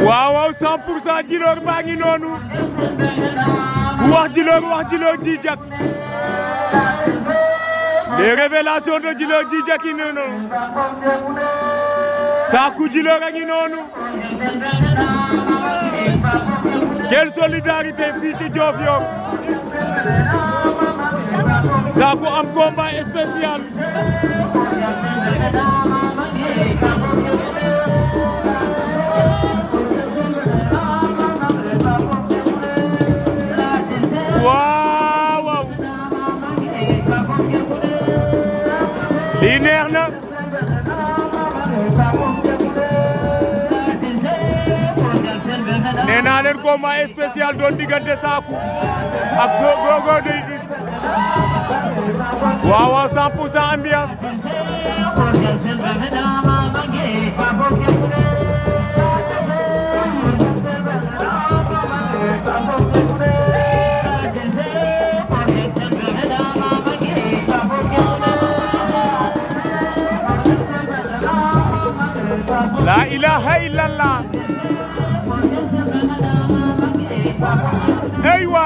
waaw waaw 100 pour cent baa ngi noonu wax Djilor wax Djilor Djijak les révélations de Djilor Djijak yi noonu saaku Djilor a ngi noonu quelle solidarité fii ci Diofior Zaku am combat spécial combat Especial doon diggante Saaku ak Gogo dey gis waaw waaw 100 pour cent ambiance La ilaha illallah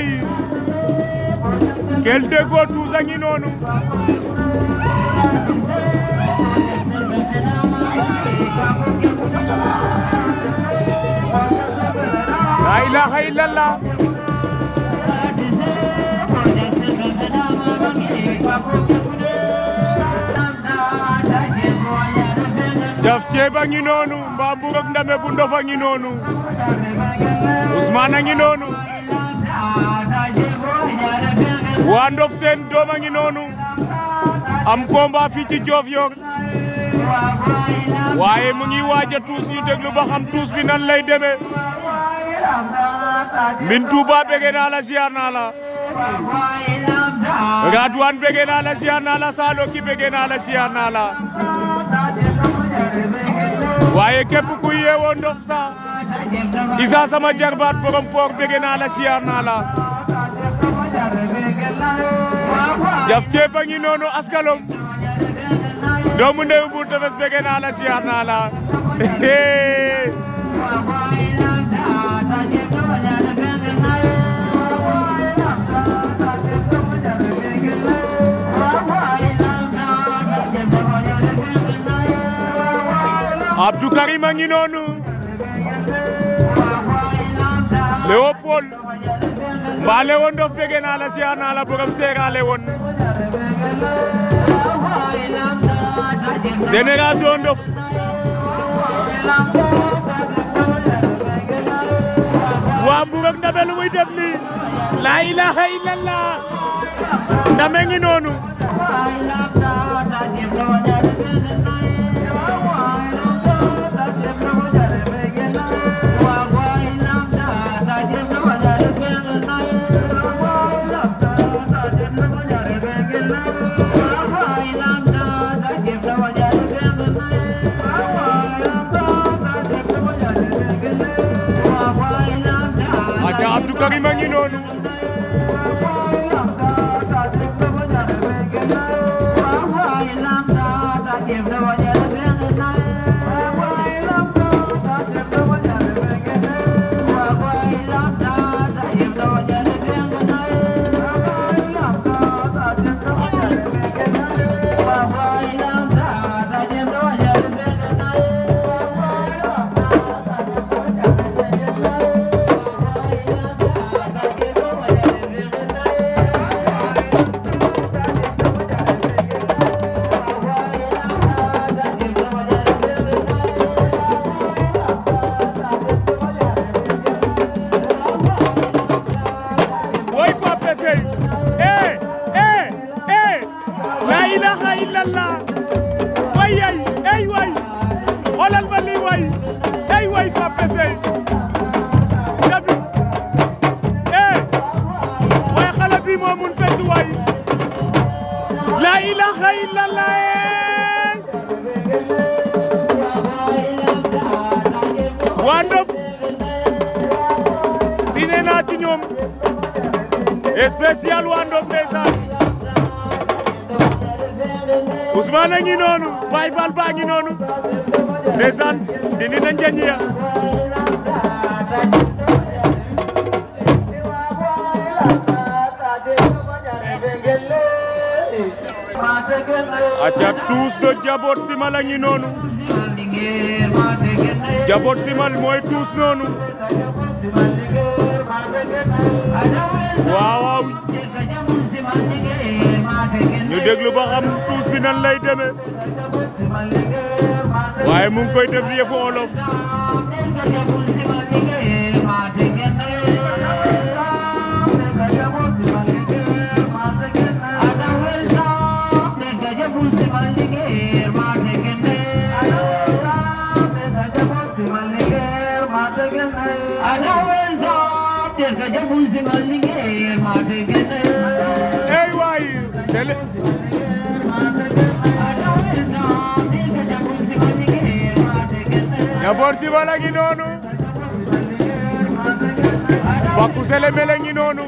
gaay Guel Dego Tous a ngi noonu la ilaha illallah jaf ceeb ngi noonu Mbaambour ak Ndame bu Ndof ngi noonu Ousmane ngi noonu waa Ndof seen doom a ngi noonu am combat fii ci Yor waaye mu ngi waaj tuus ñu déglu ba xam tuus bi nan lay demee min Touba bëgg naa la ziar naa la Radouane bëgg naa la ziar naa la waaye képp ku yeewoo Ndof sa Isa sama jarbaat borom naa la ziar naa la Jaf Ceeb a ngi noonu askalom doomu ndeyu buur tefes bege naa la siyaar naa la Karim a ngi noonu Léopold mbaa lewoon dof naa la siyaar naa la borom seera lewoon génération ndof waa Mbour ak lu muy def lii laa ilaha illallah ngi noonu Karimang Inono. لا إله إلا الله way ay way xoolal ba lii way ay way Fapese dabi eh way xale bi moo mun fecc way la ilaha illallah waa Ndof si nee naa ci ñoom spécial waa Ndof ndeysaan Ousmane a ngi noonu Baye Fall baa ngi noonu ndeysaan dindi na njañi ya aca tous de Simal a ngi noonu Jabot Simal mooy tous noonu waaw ñu déglu ba xam tuus bi nan lay demee waaye mu ngi koy def yëfu olof Njaboot si bala ngi noonu Bakku Sele Mele ngi noonu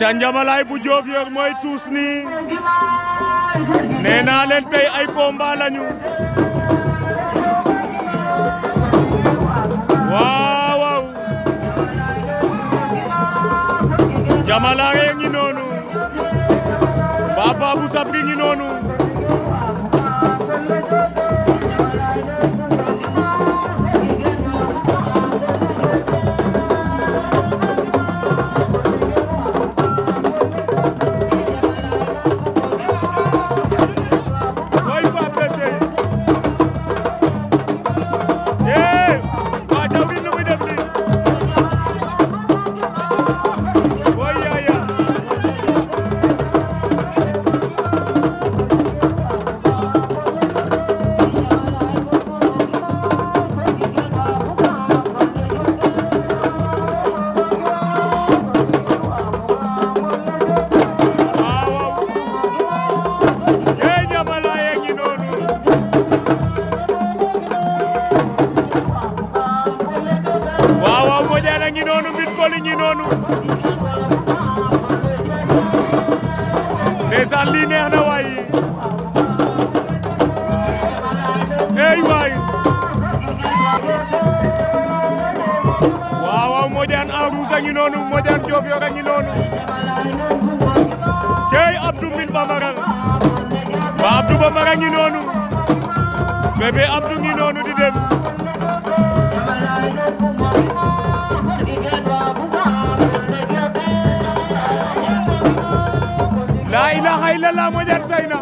ca njamalaay bu joof yor mooy tuus nii nee naa tey ay combat lañu waaw waaw jamalaay ngi noonu baba bu sabri ngi noonu ndeysaan lii neex ey waay waaw waaw Modiane Arousse a ngi noonu Modiane Diouf yor a ngi noonu cey Abdou Mbine Bambara ba Abdou Bambara ngi di dem la moƴat sayna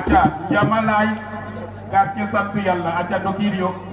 acca njamalaay gar ci sant yàlla acca dokiir yo